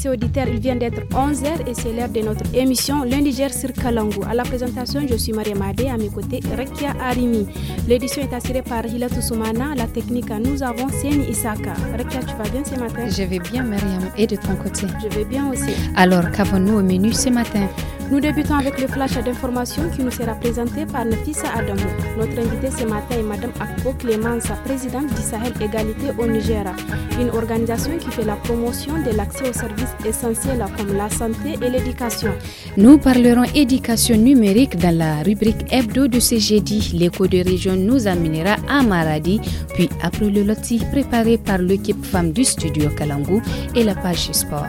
C'est auditeur, il vient d'être 11h et c'est l'heure de notre émission L'Indigère sur Kalangou. À la présentation, je suis Mariam à mes côtés Rekia Arimi. L'édition est assurée par Hila La technique, nous avons Séni Isaka. Rekia, tu vas bien ce matin Je vais bien, Mariam. Et de ton côté Je vais bien aussi. Alors, qu'avons-nous au menu ce matin nous débutons avec le flash d'information qui nous sera présenté par Nafisa Adamo. Notre invitée ce matin est Madame Akpo Clémence, présidente du Égalité au Niger, une organisation qui fait la promotion de l'accès aux services essentiels comme la santé et l'éducation. Nous parlerons éducation numérique dans la rubrique hebdo de ce jeudi. L'écho de région nous amènera à Maradi, puis après le loti préparé par l'équipe femme du studio Kalangou et la page sport.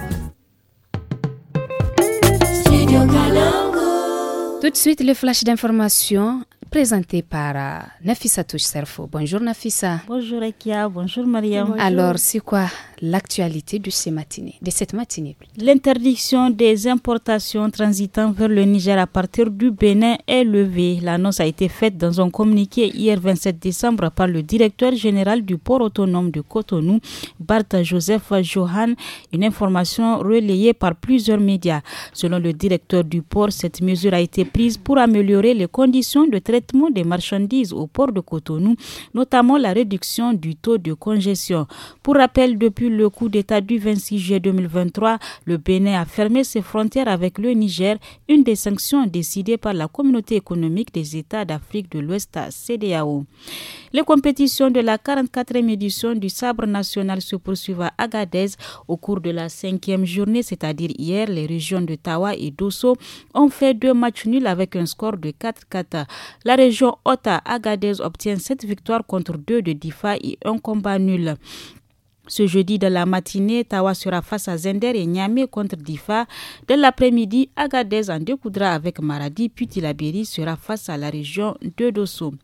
Tout de suite, le flash d'information présenté par euh, Nafissa Touche Serfo. Bonjour Nafissa. Bonjour Ekia, bonjour Mariam. Alors, c'est quoi l'actualité de, ces matinées, de cette matinée. L'interdiction des importations transitant vers le Niger à partir du Bénin est levée. L'annonce a été faite dans un communiqué hier 27 décembre par le directeur général du port autonome de Cotonou, Bart Joseph Johan, une information relayée par plusieurs médias. Selon le directeur du port, cette mesure a été prise pour améliorer les conditions de traitement des marchandises au port de Cotonou, notamment la réduction du taux de congestion. Pour rappel, depuis le coup d'État du 26 juillet 2023, le Bénin a fermé ses frontières avec le Niger, une des sanctions décidées par la Communauté économique des États d'Afrique de l'Ouest, CDAO. Les compétitions de la 44e édition du sabre national se poursuivent à Agadez. Au cours de la cinquième journée, c'est-à-dire hier, les régions de Tawa et d'Osso ont fait deux matchs nuls avec un score de 4-4. La région Ota Agadez obtient 7 victoires contre 2 de Difa et un combat nul. Ce jeudi de la matinée, Tawa sera face à Zender et Niamey contre Difa. De l'après-midi, Agadez en découdra avec Maradi, puis Tilabiri sera face à la région de Dosso.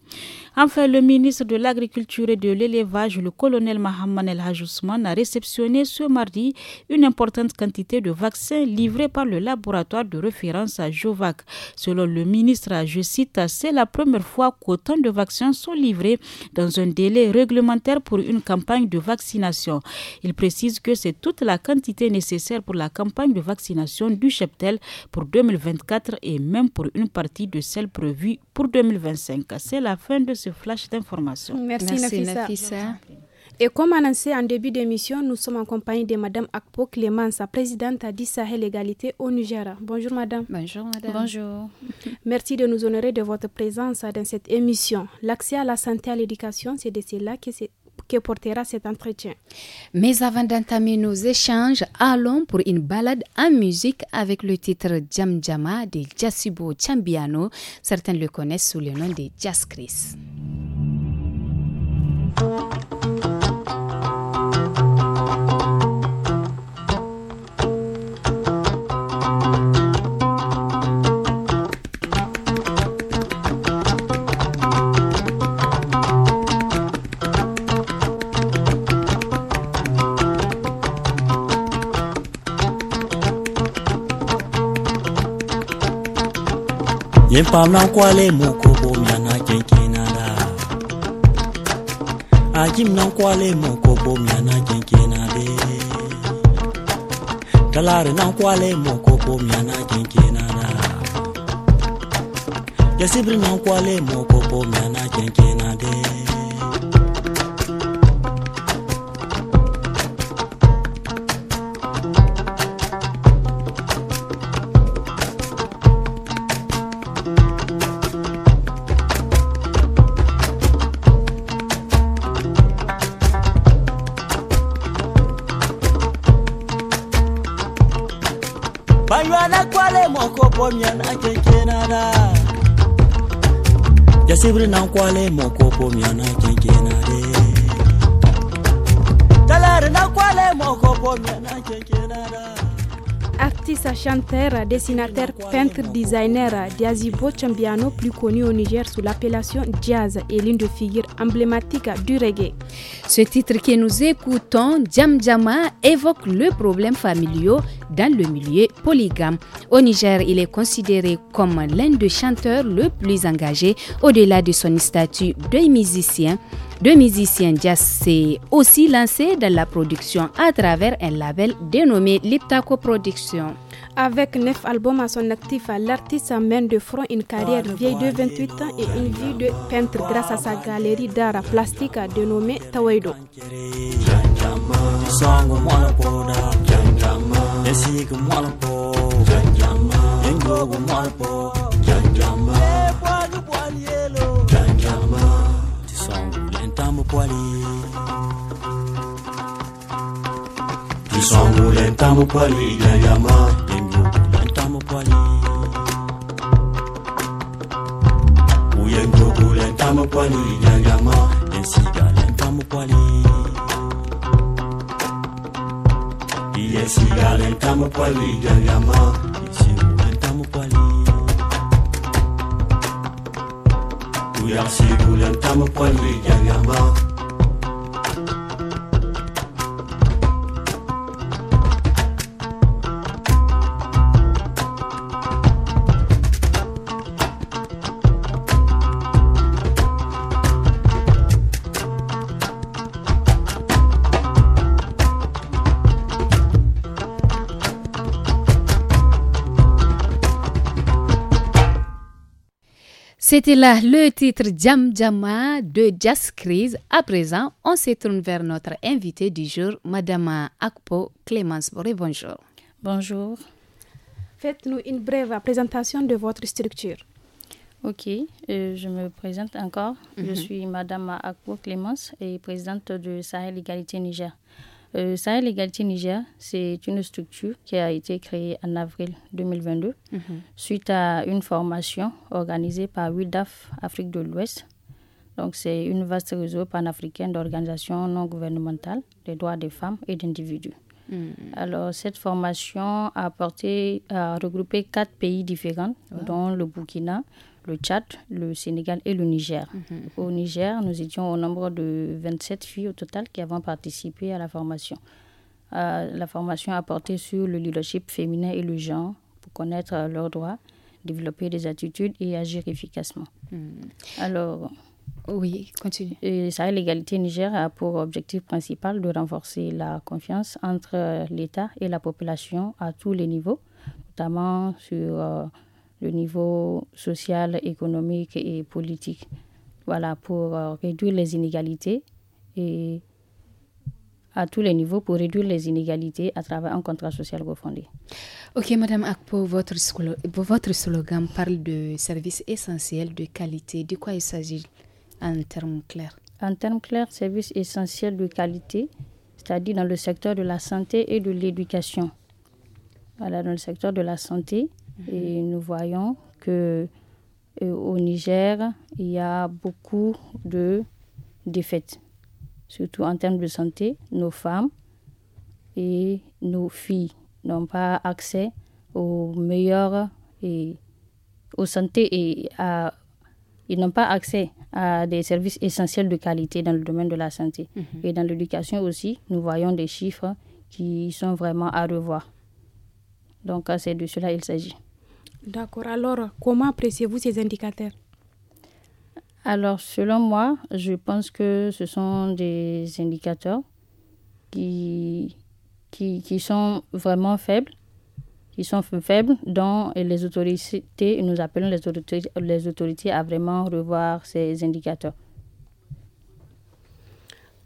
Enfin, le ministre de l'Agriculture et de l'Élevage, le colonel mahamman El Hajousman, a réceptionné ce mardi une importante quantité de vaccins livrés par le laboratoire de référence à Jovac. Selon le ministre, je cite, c'est la première fois qu'autant de vaccins sont livrés dans un délai réglementaire pour une campagne de vaccination. Il précise que c'est toute la quantité nécessaire pour la campagne de vaccination du cheptel pour 2024 et même pour une partie de celle prévue pour 2025. C'est la fin de ce flash d'information. Merci, Nafisa. Et comme annoncé en début d'émission, nous sommes en compagnie de Madame Akpo Clémence, présidente à Sahel Égalité au Niger. Bonjour Madame. Bonjour Madame. Bonjour. Merci de nous honorer de votre présence dans cette émission. L'accès à la santé et à l'éducation, c'est de cela que c'est que portera cet entretien. Mais avant d'entamer nos échanges, allons pour une balade en musique avec le titre Jam Jama de Jasibo Chambiano. Certains le connaissent sous le nom de Jazz Chris. Yin palan mu kobo miana kenkinara. Ajim nan mu kobo miana kenkinare. Kalare nke mu kobo miana kenkinara. Yasibri nan mu kobo miana kenkinare. Artiste, chanteur, dessinateur, peintre, designer, Diazibo Chambiano, plus connu au Niger sous l'appellation Jazz, est l'une des figures emblématiques du reggae. Ce titre que nous écoutons, Djam Djama, évoque le problème familial dans le milieu polygame. Au Niger, il est considéré comme l'un des chanteurs le plus engagé au-delà de son statut de musicien. De musicien jazz s'est aussi lancé dans la production à travers un label dénommé Liptako Production. Avec neuf albums à son actif, l'artiste amène de front une carrière ah, vieille de 28 ans et une vie de peintre grâce à sa galerie d'art plastique dénommée Tawaido. will mark po Janjama Pwani pwani yelo Janjama Tisangu lentamu pwali Tisangu lentamu pwali Janjama Tengu lentamu pwali Uyenjoku lentamu pwali Janjama Ensiga lentamu pwali Yesiga lentamu pwali Janjama il y a kwani C'était là le titre Jam Jama de Jazz Crise. À présent, on se tourne vers notre invitée du jour, Madame Akpo Clémence Bonjour. Bonjour. Faites-nous une brève présentation de votre structure. Ok, euh, je me présente encore. Je mhm. suis Madame Akpo Clémence et présidente de Sahel Égalité Niger. Euh, Sahel Égalité Niger, c'est une structure qui a été créée en avril 2022 mhm. suite à une formation organisée par WIDAF Afrique de l'Ouest. Donc, c'est une vaste réseau panafricain d'organisations non gouvernementales des droits des femmes et d'individus. Mhm. Alors, cette formation a, porté, a regroupé quatre pays différents, dont le Burkina, le Tchad, le Sénégal et le Niger. Mhm. Au Niger, nous étions au nombre de 27 filles au total qui avons participé à la formation. Euh, la formation a porté sur le leadership féminin et le genre pour connaître leurs droits, développer des attitudes et agir efficacement. Mhm. Alors. Oui, continue. Et ça, l'égalité Niger a pour objectif principal de renforcer la confiance entre l'État et la population à tous les niveaux, notamment sur euh, au niveau social, économique et politique. Voilà, pour euh, réduire les inégalités et à tous les niveaux pour réduire les inégalités à travers un contrat social refondé. Ok, Madame Akpo, votre, votre slogan parle de services essentiels de qualité. De quoi il s'agit en termes clairs En termes clairs, services essentiels de qualité, c'est-à-dire dans le secteur de la santé et de l'éducation. Voilà, dans le secteur de la santé et nous voyons que euh, au Niger, il y a beaucoup de défaites, surtout en termes de santé. Nos femmes et nos filles n'ont pas accès aux meilleures et aux santé et ils n'ont pas accès à des services essentiels de qualité dans le domaine de la santé. Mhm. Et dans l'éducation aussi, nous voyons des chiffres qui sont vraiment à revoir. Donc c'est de cela il s'agit. D'accord. Alors, comment appréciez-vous ces indicateurs Alors, selon moi, je pense que ce sont des indicateurs qui, qui, sont vraiment faibles qui sont faibles, dont les autorités, nous appelons les autorités, les autorités à vraiment revoir ces indicateurs.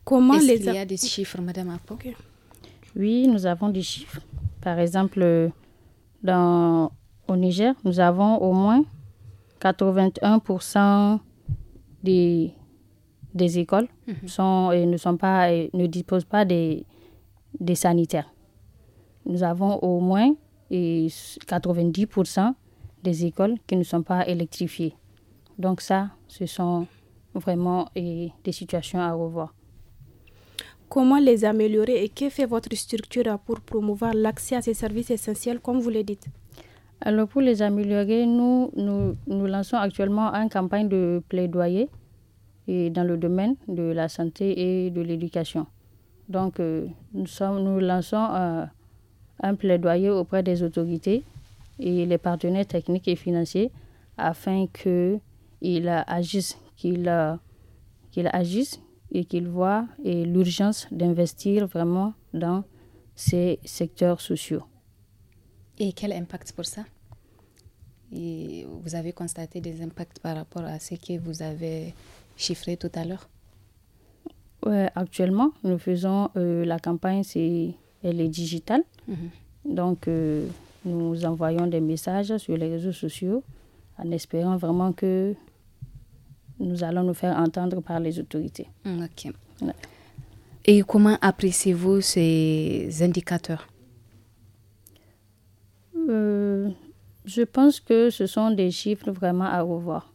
Comment les il y a des chiffres, Madame Oui, nous avons des chiffres. Par exemple, dans, au Niger, nous avons au moins 81% des, écoles mhm. ne, disposent pas des, sanitaires. Nous avons au moins 90% des écoles qui ne sont pas électrifiées. Donc ça, ce sont vraiment des situations à revoir. Comment les améliorer et que fait votre structure pour promouvoir l'accès à ces services essentiels, comme vous le dites alors pour les améliorer, nous, lançons actuellement une campagne de plaidoyer et dans le domaine de la santé et de l'éducation. Donc euh, nous, lançons euh, un, plaidoyer auprès des autorités et les partenaires techniques et financiers afin qu'ils agissent et qu'ils voient l'urgence d'investir vraiment dans ces secteurs sociaux. Et quel impact pour ça Et Vous avez constaté des impacts par rapport à ce que vous avez chiffré tout à l'heure ouais, Actuellement, nous faisons euh, la campagne, c'est, elle est digitale. Mhm. Donc, euh, nous envoyons des messages sur les réseaux sociaux en espérant vraiment que nous allons nous faire entendre par les autorités. ok. Et comment appréciez-vous ces indicateurs je pense que ce sont des chiffres vraiment à revoir.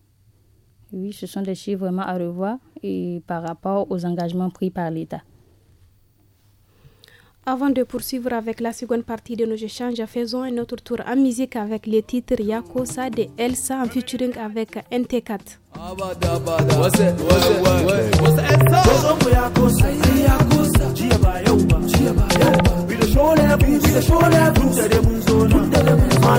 Oui, ce sont des chiffres vraiment à revoir et par rapport aux engagements pris par l'État. Avant de poursuivre avec la seconde partie de nos échanges, faisons un autre tour en musique avec les titres Yakosa de Elsa en featuring avec NT4 show level, we dey Faut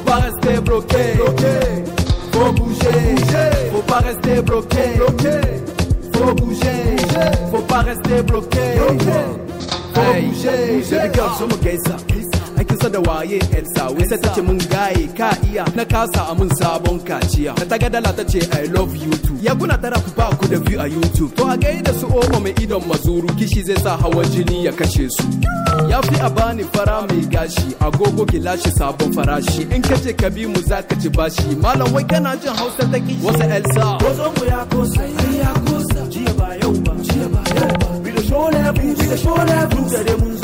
pas rester bloqué, Faut bouger, Faut pas rester bloqué, Faut bouger, Faut pas rester bloqué, Faut bouger, cikin sa da waye elsa. sawe sai ta ce mun gaye ka iya na kasa a mun sabon kaciya ta ta dala ta ce i love you too ya kuna tara ku ba ku da view a youtube to a da su omo mai idon mazuru kishi zai sa hawa jini ya kashe su ya fi a bani fara mai gashi agogo gilashi sabon farashi in ka ce ka bi mu za ka ci bashi malam wai kana jin hausa ta kishi wasu elsa wasu mu ya kosa ya kosa jiya ba yau ba jiya ba yau ba bi da shola bi da shola bi da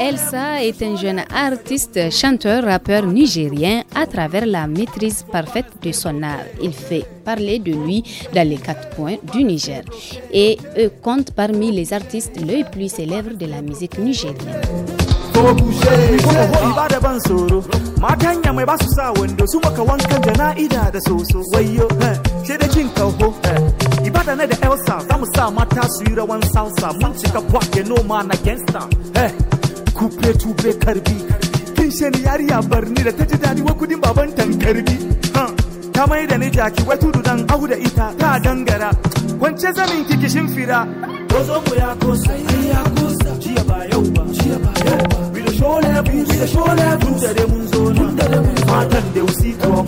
Elsa est un jeune artiste, chanteur, rappeur nigérien à travers la maîtrise parfaite de son art. Il fait parler de lui dans les quatre coins du Niger et euh, compte parmi les artistes les plus célèbres de la musique nigérienne. ko bushe ba da ban tsoro matan yamai mai ba su sa wando su maka wankan jana'ida da soso wayo sai da jin kaho ibada na da elsa za mu sa mata su yi rawan salsa mun cika bwake noma na gangsta kupe tube karbi kin yari yariya barni da ta ji dadi wa kudin baban tankarbi ta mai da ni jaki wai tudu dan ahu da ita ta dangara wance zamin kikishin fira ko zo mu ya kosa ya kosa jiya ba yau ba shola biyu da shola biyu da da mun zo nan matan da usi tuwa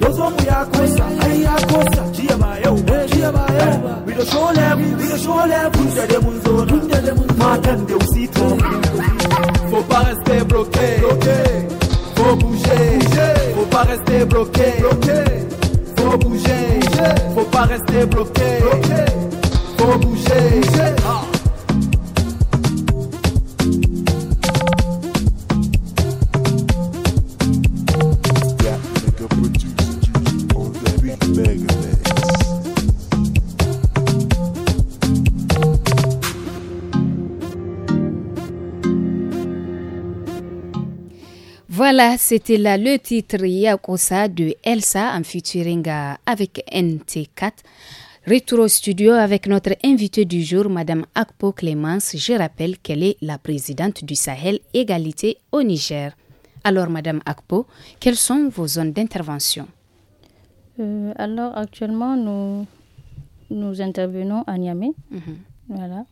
dozo mu ya kosa ai ya kosa jiya ba yau jiya ba yau we da shola biyu we shola biyu da da mun zo nan matan da faut pas rester bloqué bloqué faut bouger faut pas rester bloqué bloqué faut bouger faut pas rester bloqué bloqué faut bouger ah. c'était là le titre Yakosa de Elsa en featuring euh, avec NT4. Retour au studio avec notre invitée du jour, Madame Akpo Clémence. Je rappelle qu'elle est la présidente du Sahel Égalité au Niger. Alors, Madame Akpo, quelles sont vos zones d'intervention euh, Alors, actuellement, nous, nous intervenons à Niamey. Mhm. Voilà.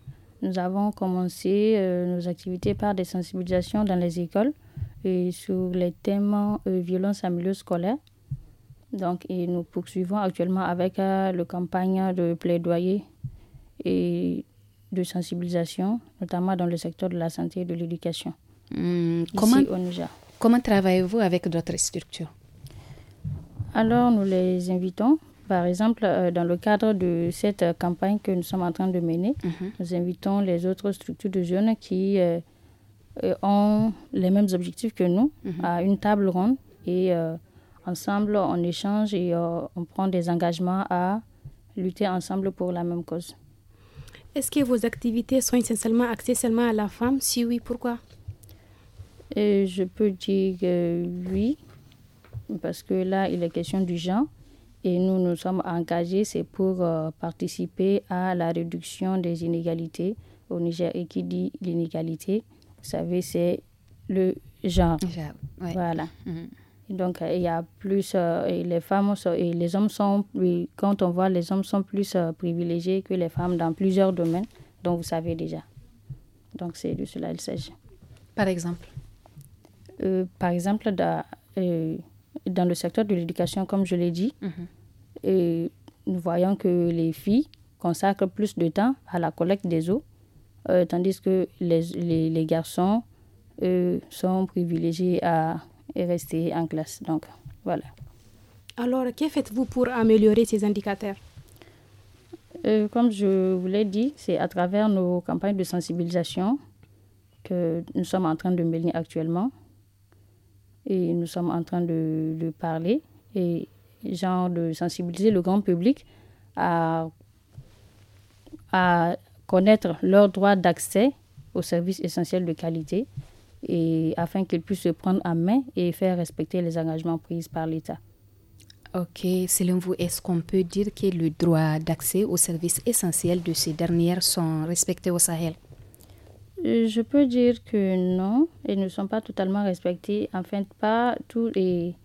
Nous avons commencé euh, nos activités par des sensibilisations dans les écoles sur les thèmes euh, violence en milieu scolaire. Donc, nous poursuivons actuellement avec euh, la campagne de plaidoyer et de sensibilisation, notamment dans le secteur de la santé et de l'éducation. Hmm, comment, comment travaillez-vous avec d'autres structures Alors, nous les invitons. Par exemple, euh, dans le cadre de cette campagne que nous sommes en train de mener, mhm. nous invitons les autres structures de jeunes qui euh, ont les mêmes objectifs que nous, mhm. à une table ronde. Et euh, ensemble, on échange et euh, on prend des engagements à lutter ensemble pour la même cause. Est-ce que vos activités sont essentiellement axées seulement à la femme Si oui, pourquoi Je peux dire oui, parce que là, il est question du genre. Et nous nous sommes engagés, c'est pour participer à la réduction des inégalités au Niger. Et qui dit l'inégalité vous savez, c'est le genre. Voilà. Mm-hmm. Donc, euh, il y a plus, euh, les femmes sont, et les hommes sont, quand on voit, les hommes sont plus euh, privilégiés que les femmes dans plusieurs domaines, dont vous savez déjà. Donc, c'est de cela qu'il s'agit. Par exemple Par exemple, dans, dans, le secteur de l'éducation, comme je l'ai dit, mm-hmm. nous voyons que les filles consacrent plus de temps à la collecte des eaux euh, tandis que les, les, garçons sont privilégiés à rester en classe. Donc, voilà. Alors, que faites-vous pour améliorer ces indicateurs euh, Comme je vous l'ai dit, c'est à travers nos campagnes de sensibilisation que nous sommes en train de mener actuellement. Et nous sommes en train de, de parler et genre de sensibiliser le grand public à, à connaître leurs droits d'accès aux services essentiels de qualité et afin qu'ils puissent se prendre en main et faire respecter les engagements pris par l'État. Ok, selon vous, est-ce qu'on peut dire que le droit d'accès aux services essentiels de ces dernières sont respectés au Sahel euh, Je peux dire que non, ils ne sont pas totalement respectés. En fait, pas tous les...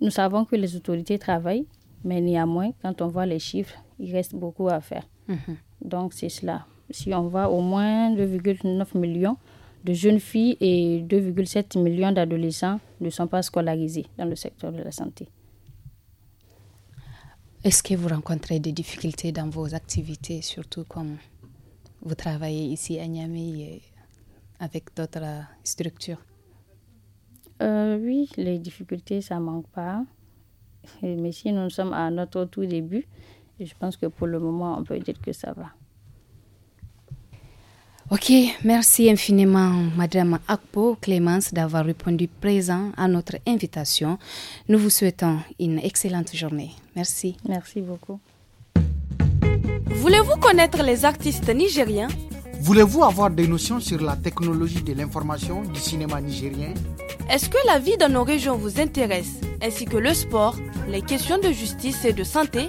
Nous savons que les autorités travaillent, mais néanmoins, quand on voit les chiffres, il reste beaucoup à faire. Mhm. Donc c'est cela. Si on va au moins 2,9 millions de jeunes filles et 2,7 millions d'adolescents ne sont pas scolarisés dans le secteur de la santé. Est-ce que vous rencontrez des difficultés dans vos activités, surtout comme vous travaillez ici à Niamey avec d'autres structures euh, Oui, les difficultés, ça ne manque pas. Mais si nous sommes à notre tout début, je pense que pour le moment, on peut dire que ça va. Ok, merci infiniment Madame Akpo Clémence d'avoir répondu présent à notre invitation. Nous vous souhaitons une excellente journée. Merci. Merci beaucoup. Voulez-vous connaître les artistes nigériens Voulez-vous avoir des notions sur la technologie de l'information du cinéma nigérien Est-ce que la vie dans nos régions vous intéresse, ainsi que le sport, les questions de justice et de santé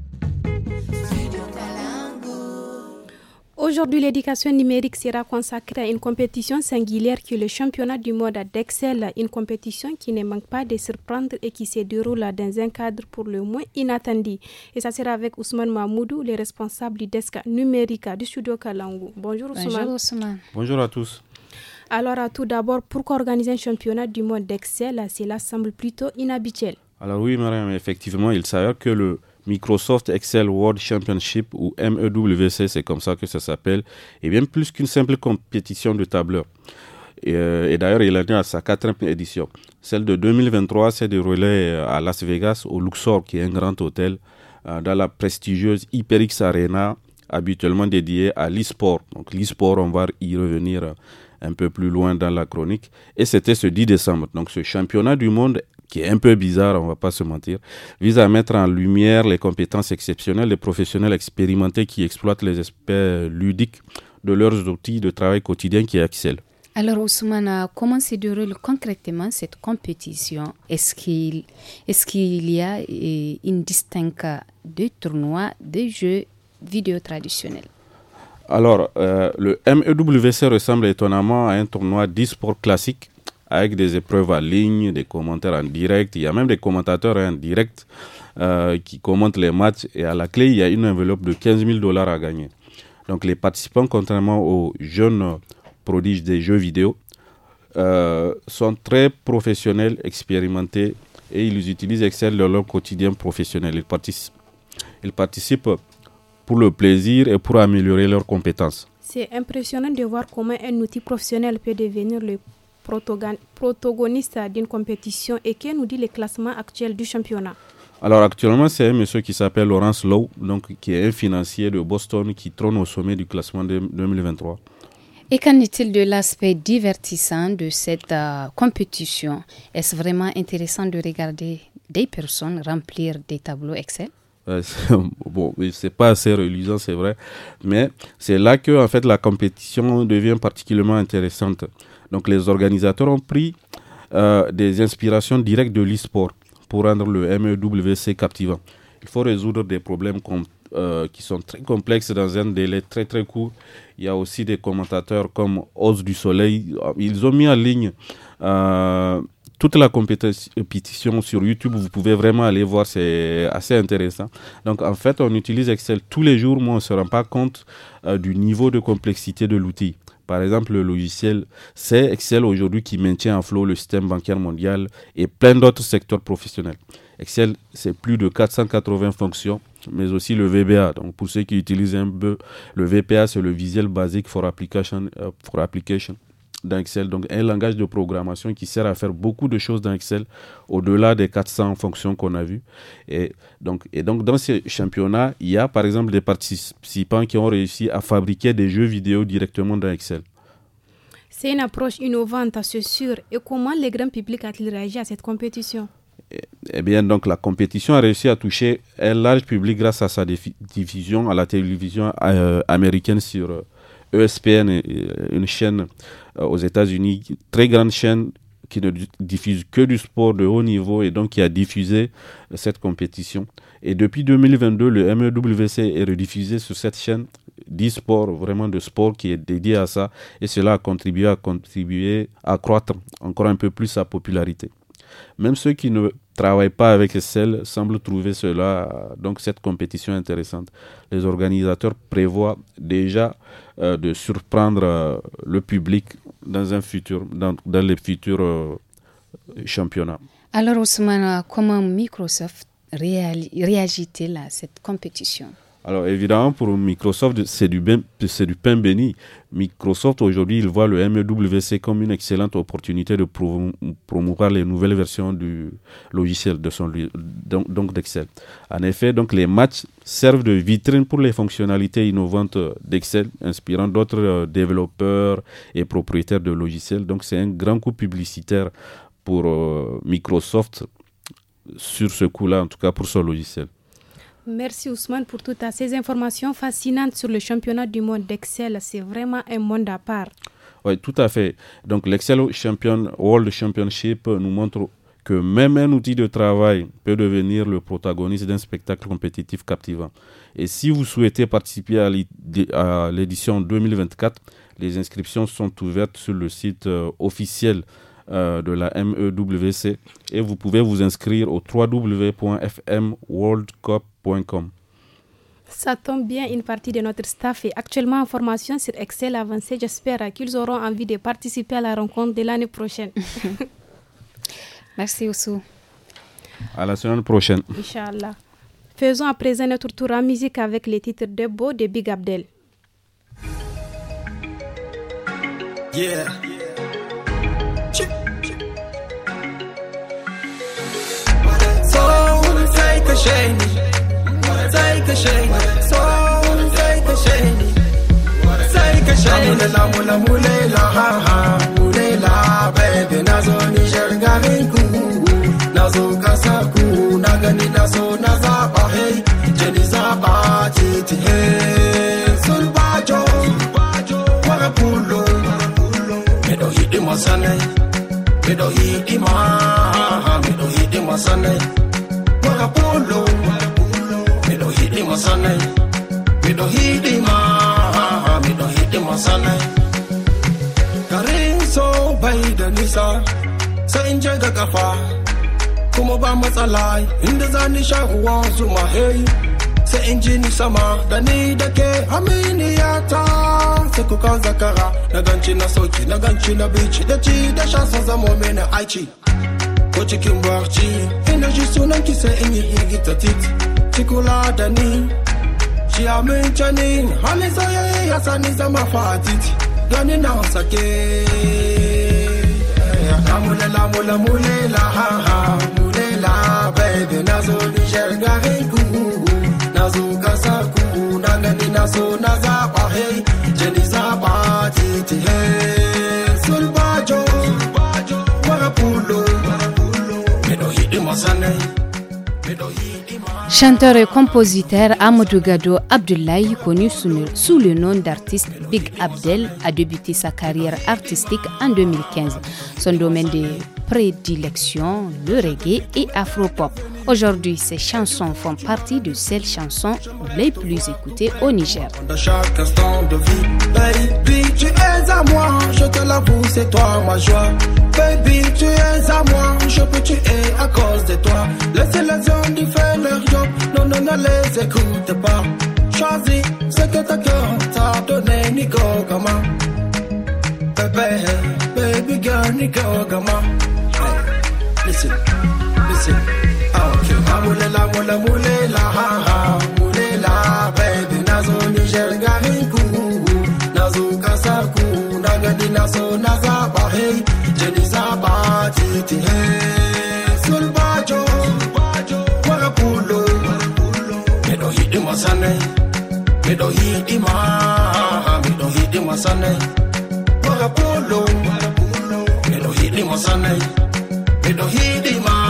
Aujourd'hui, l'éducation numérique sera consacrée à une compétition singulière qui est le championnat du monde d'Excel, une compétition qui ne manque pas de surprendre et qui se déroule dans un cadre pour le moins inattendu. Et ça sera avec Ousmane Mahmoudou, le responsable du desk numérique du studio Kalangu. Bonjour Ousmane. Bonjour Ousmane. Bonjour à tous. Alors à tout d'abord, pourquoi organiser un championnat du monde d'Excel Cela semble plutôt inhabituel. Alors oui, Mariam, effectivement, il s'avère que le Microsoft Excel World Championship ou MEWC, c'est comme ça que ça s'appelle, et bien plus qu'une simple compétition de tableur. Et, euh, d'ailleurs, il a est à sa quatrième édition. Celle de 2023 s'est déroulée à Las Vegas, au Luxor, qui est un grand hôtel, euh, dans la prestigieuse HyperX Arena, habituellement dédiée à l'e-sport. Donc l'e-sport, on va y revenir euh, un peu plus loin dans la chronique. Et c'était ce 10 décembre. Donc ce championnat du monde qui est un peu bizarre, on ne va pas se mentir, vise à mettre en lumière les compétences exceptionnelles des professionnels expérimentés qui exploitent les aspects ludiques de leurs outils de travail quotidien qui excellent. Alors Ousmane, comment se déroule concrètement cette compétition Est-ce qu'il est y a eh, une distinction des tournois des jeux vidéo traditionnels Alors, euh, le MEWC ressemble étonnamment à un tournoi de classique avec des épreuves en ligne, des commentaires en direct. Il y a même des commentateurs en direct euh, qui commentent les matchs. Et à la clé, il y a une enveloppe de 15 000 dollars à gagner. Donc les participants, contrairement aux jeunes prodiges des jeux vidéo, euh, sont très professionnels, expérimentés et ils utilisent Excel dans leur quotidien professionnel. Ils participent, ils participent pour le plaisir et pour améliorer leurs compétences. C'est impressionnant de voir comment un outil professionnel peut devenir le protagoniste d'une compétition et qui nous dit le classement actuel du championnat alors actuellement, c'est un monsieur qui s'appelle Laurence Lowe, donc, qui est un financier de Boston qui trône au sommet du classement de 2023. Et qu'en est-il de l'aspect divertissant de cette euh, compétition Est-ce vraiment intéressant de regarder des personnes remplir des tableaux Excel euh, bon, c'est pas assez reluisant, c'est vrai, mais c'est là que en fait la compétition devient particulièrement intéressante. Donc les organisateurs ont pris euh, des inspirations directes de l'e-sport pour rendre le MEWC captivant. Il faut résoudre des problèmes euh, qui sont très complexes dans un délai très très court. Il y a aussi des commentateurs comme Os du Soleil. Ils ont mis en ligne euh, toute la compétition sur YouTube. Vous pouvez vraiment aller voir, c'est assez intéressant. Donc en fait, on utilise Excel tous les jours, mais on ne se rend pas compte du niveau de complexité de l'outil. Par exemple, le logiciel, c'est Excel aujourd'hui qui maintient en flot le système bancaire mondial et plein d'autres secteurs professionnels. Excel, c'est plus de 480 fonctions, mais aussi le VBA. Donc, pour ceux qui utilisent un peu, le VPA, c'est le Visual Basic for Application. Euh, for application dans Excel. Donc, un langage de programmation qui sert à faire beaucoup de choses dans Excel, au-delà des 400 fonctions qu'on a vues. Et donc, et donc, dans ces championnats, il y a par exemple des participants qui ont réussi à fabriquer des jeux vidéo directement dans Excel. C'est une approche innovante, ce sûr. Et comment le grand public a-t-il réagi à cette compétition eh, eh bien, donc la compétition a réussi à toucher un large public grâce à sa diffusion à la télévision euh, américaine sur ESPN, euh, e une chaîne euh, aux États-Unis, très grande chaîne qui ne diffuse que du sport de haut niveau et donc qui a diffusé euh, cette compétition. Et depuis 2022, le MEWC est rediffusé sur cette chaîne d'e-sport, vraiment de sport qui est dédié à ça. Et cela a contribué à contribuer à croître encore un peu plus sa popularité. Même ceux qui ne travaillent pas avec celle semblent trouver cela, euh, donc cette compétition intéressante. Les organisateurs prévoient déjà euh, de surprendre euh, le public dans, un futur, dans, dans les futurs euh, championnats. Alors Ousmane, comment Microsoft réagit-il à cette compétition alors évidemment, pour Microsoft, c'est du, du, pain béni. Microsoft, aujourd'hui, il voit le MEWC comme une excellente opportunité de promouvoir les nouvelles versions du logiciel, de son, donc d'Excel. En effet, donc, les matchs servent de vitrine pour les fonctionnalités innovantes d'Excel, inspirant d'autres euh, développeurs et propriétaires de logiciels. Donc c'est un grand coup publicitaire pour euh, Microsoft sur ce coup-là, en tout cas pour son logiciel. Merci Ousmane pour toutes ces informations fascinantes sur le championnat du monde d'Excel. C'est vraiment un monde à part. Oui, tout à fait. Donc l'Excel Champion, World Championship nous montre que même un outil de travail peut devenir le protagoniste d'un spectacle compétitif captivant. Et si vous souhaitez participer à l'édition 2024, les inscriptions sont ouvertes sur le site euh, officiel euh, de la MEWC et vous pouvez vous inscrire au www.fmworldcup.com. Ça tombe bien, une partie de notre staff est actuellement en formation sur Excel avancé. J'espère qu'ils auront envie de participer à la rencontre de l'année prochaine. Merci Oussou. À la semaine prochaine. Inch'Allah. Faisons à présent notre tour en musique avec les titres de Beau de Big Abdel. Yeah. zai kashe ni zai so zai kashe ni zai kashe ni ha ha mula baby na zo ni ku na zo kasa ku na gani na zo na zaba hey ni zaba titi hey sulbajo wara pulo me do hidi masanai me do hidi ma me do hidi masanai ka bai da nisa sai in je ga kafa kuma ba matsala inda zani sha ruwan zuma hey sai in ji ni sama da ni da ke aminiyata sai ku kan zakara na ganci na sauki na ganci na bici da ci da sha aici ko cikin barci ina ji sunan ki sai in yi igita tit j'y amène da ni shi amince ni halin soyayya ya sani zama fatit gani na sake lamule lamule mule la ha ha mule la baby na zo ni ku na zo kasar ku na gani na na za Chanteur et compositeur Amadou Gado Abdoulaye, connu sous le nom d'artiste Big Abdel, a débuté sa carrière artistique en 2015. Son domaine de prédilection, le reggae et afropop. Aujourd'hui, ces chansons font partie de celles chansons les plus écoutées au Niger. De chaque instant de vie, baby, tu es à moi, je te l'avoue, c'est toi ma joie. Baby, tu es à moi, je peux tuer à cause de toi. Laissez les hommes du fait leur job, non, non, ne les écoute pas. Choisis ce que ta cœur t'a donné, Nico Gama. Baby, baby girl, Nico Gama. listen, listen. Ah, okay, amulela, mula, mulela, ha ha, mulela, baby, nazo Niger garinku, nazo kasaku, nagadi nazo nazaba, hey, jeni zaba, titi, hey, sulbajo, warapulo, medo hidi masane, do hidi ma, me medo hidi masane, me do hidi masane. don't hit the man.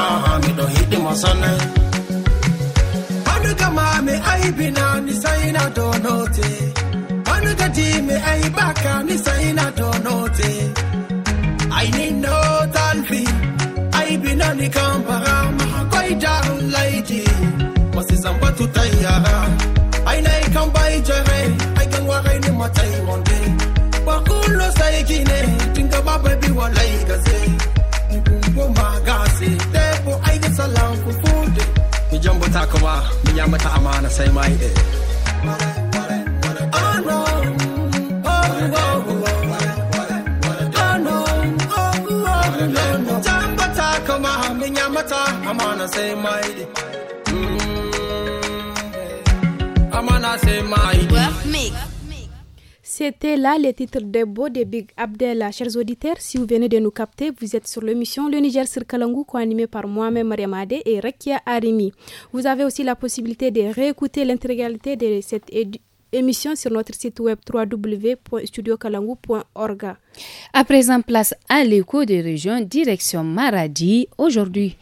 Ah, me don't hit him, my son. Anuka mame aibina ni saina donote. Anuka time aibaka ni saina donote. I need no I ah, to Aibina ni kampara mahakoida laiti. Masizamba tutayara. Aina ikamba ijere. Aikangwa ah, reini matai one day. Wakulo saikine. Tinga like a laikaze. ita kuma mun ya mata amana sai ma yi eh. Tambata kama mun ya mata amana sai ma yi eh. mm, eh. Amana sai ma Work mix C'était là le titres de Beau de Big Abdel. Chers auditeurs, si vous venez de nous capter, vous êtes sur l'émission Le Niger sur Kalangou, co-animée par moi-même Mariamade et Rekia Arimi. Vous avez aussi la possibilité de réécouter l'intégralité de cette émission sur notre site web www.studiokalangu.org. À présent, place à l'écho des régions, direction Maradi. Aujourd'hui,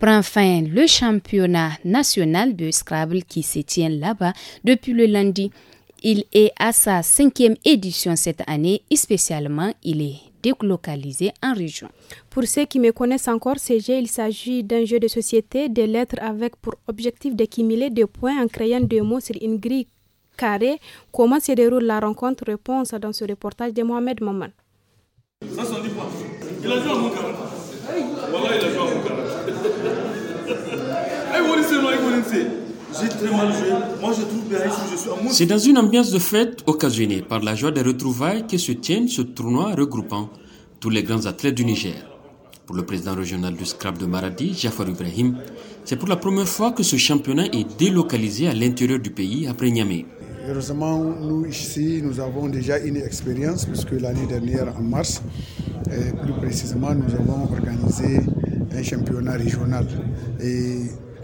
prend fin le championnat national de Scrabble qui se tient là-bas depuis le lundi. Il est à sa cinquième édition cette année et spécialement il est délocalisé en région. Pour ceux qui me connaissent encore, cG il s'agit d'un jeu de société de lettres avec pour objectif d'accumuler des points en créant des mots sur une grille carrée. Comment se déroule la rencontre Réponse dans ce reportage de Mohamed Maman. Ça, ça dit pas. Il a joué à mon Voilà, il a joué à mon C'est dans une ambiance de fête occasionnée par la joie des retrouvailles que se tient ce tournoi regroupant tous les grands athlètes du Niger. Pour le président régional du Scrap de Maradi, Jafar Ibrahim, c'est pour la première fois que ce championnat est délocalisé à l'intérieur du pays après Niamey. Heureusement, nous ici, nous avons déjà une expérience puisque l'année dernière, en mars, plus précisément, nous avons organisé un championnat régional. Et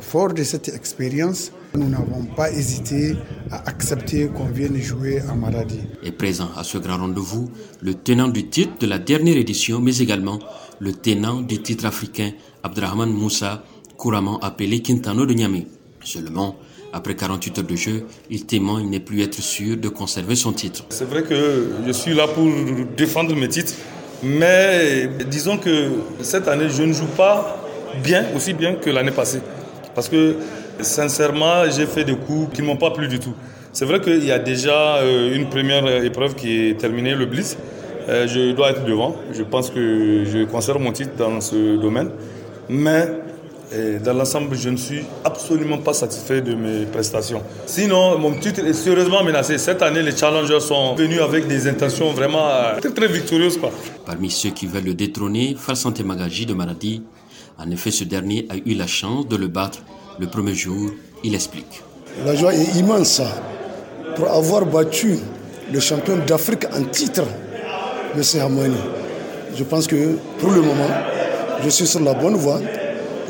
Fort de cette expérience, nous n'avons pas hésité à accepter qu'on vienne jouer à Maradi. Et présent à ce grand rendez-vous, le tenant du titre de la dernière édition, mais également le tenant du titre africain, Abdrahman Moussa, couramment appelé Quintano de Niamey. Seulement, après 48 heures de jeu, il témoigne n'est plus être sûr de conserver son titre. C'est vrai que je suis là pour défendre mes titres, mais disons que cette année, je ne joue pas bien, aussi bien que l'année passée. Parce que sincèrement, j'ai fait des coups qui ne m'ont pas plu du tout. C'est vrai qu'il y a déjà euh, une première épreuve qui est terminée, le Blitz. Euh, je dois être devant. Je pense que je conserve mon titre dans ce domaine. Mais euh, dans l'ensemble, je ne suis absolument pas satisfait de mes prestations. Sinon, mon titre est sérieusement menacé. Cette année, les challengers sont venus avec des intentions vraiment très, très victorieuses. Parmi ceux qui veulent le détrôner, Falsante Magaji de Maladie, en effet, ce dernier a eu la chance de le battre le premier jour. Il explique. La joie est immense pour avoir battu le champion d'Afrique en titre, M. Hamani. Je pense que pour le moment, je suis sur la bonne voie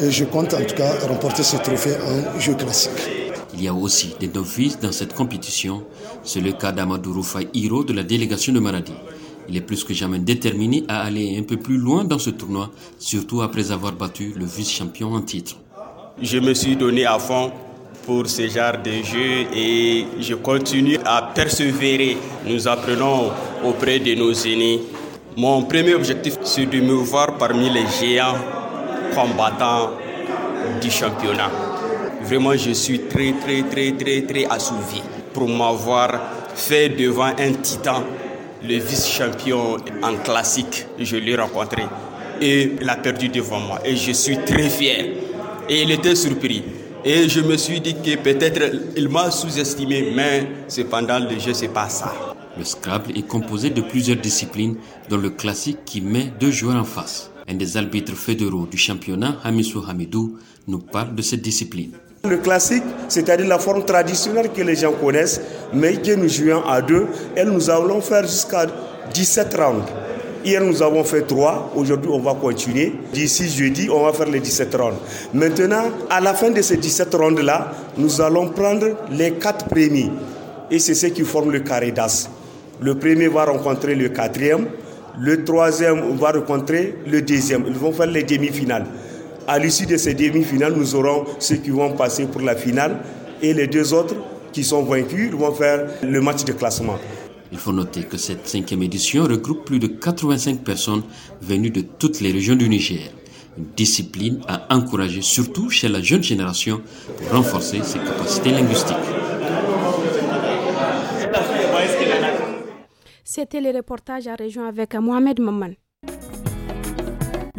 et je compte en tout cas remporter ce trophée en jeu classique. Il y a aussi des novices dans cette compétition. C'est le cas d'Amadou Roufa Hiro de la délégation de Maradi. Il est plus que jamais déterminé à aller un peu plus loin dans ce tournoi, surtout après avoir battu le vice-champion en titre. Je me suis donné à fond pour ce genre de jeu et je continue à persévérer. Nous apprenons auprès de nos aînés. Mon premier objectif, c'est de me voir parmi les géants combattants du championnat. Vraiment, je suis très, très, très, très, très assouvi pour m'avoir fait devant un titan le vice-champion en classique, je l'ai rencontré et il a perdu devant moi et je suis très fier. Et il était surpris. Et je me suis dit que peut-être il m'a sous-estimé, mais cependant le jeu, c'est pas ça. Le Scrabble est composé de plusieurs disciplines, dont le classique qui met deux joueurs en face. Un des arbitres fédéraux du championnat, Hamisou Hamidou, nous parle de cette discipline. Le classique, c'est-à-dire la forme traditionnelle que les gens connaissent, mais que nous jouons à deux, elle nous allons faire jusqu'à 17 rounds. Hier, nous avons fait trois. Aujourd'hui, on va continuer. D'ici jeudi, on va faire les 17 rounds. Maintenant, à la fin de ces 17 rounds-là, nous allons prendre les quatre premiers. Et c'est ce qui forme le carré d'as. Le premier va rencontrer le quatrième. Le troisième va rencontrer le deuxième. Ils vont faire les demi-finales. À l'issue de ces demi-finales, nous aurons ceux qui vont passer pour la finale et les deux autres qui sont vaincus vont faire le match de classement. Il faut noter que cette cinquième édition regroupe plus de 85 personnes venues de toutes les régions du Niger. Une discipline à encourager surtout chez la jeune génération pour renforcer ses capacités linguistiques. C'était le reportage à région avec Mohamed Maman.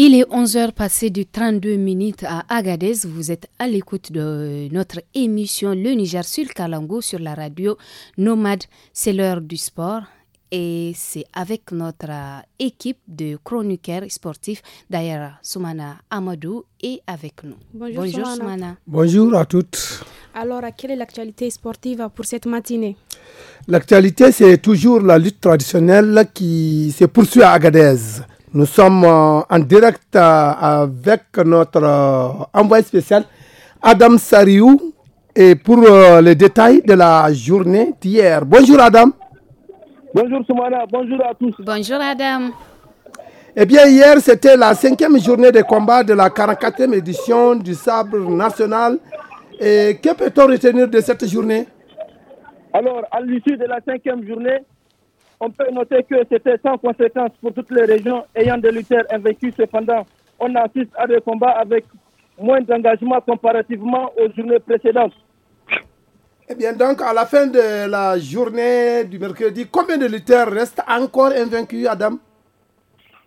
Il est 11h passé du 32 minutes à Agadez. Vous êtes à l'écoute de notre émission Le Niger sur Kalango sur la radio Nomade. C'est l'heure du sport et c'est avec notre équipe de chroniqueurs sportifs. D'ailleurs, Soumana Amadou et avec nous. Bonjour, Soumana. Bonjour à toutes. Alors, quelle est l'actualité sportive pour cette matinée L'actualité, c'est toujours la lutte traditionnelle qui se poursuit à Agadez. Nous sommes en direct euh, avec notre euh, envoyé spécial Adam Sariou et pour euh, les détails de la journée d'hier. Bonjour Adam. Bonjour Soumana, bonjour à tous. Bonjour Adam. Eh bien, hier, c'était la cinquième journée de combat de la 44e édition du Sabre national. Et que peut-on retenir de cette journée Alors, à l'issue de la cinquième journée, on peut noter que c'était sans conséquence pour toutes les régions ayant des lutteurs invaincus. Cependant, on assiste à des combats avec moins d'engagement comparativement aux journées précédentes. Eh bien, donc, à la fin de la journée du mercredi, combien de lutteurs restent encore invaincus, Adam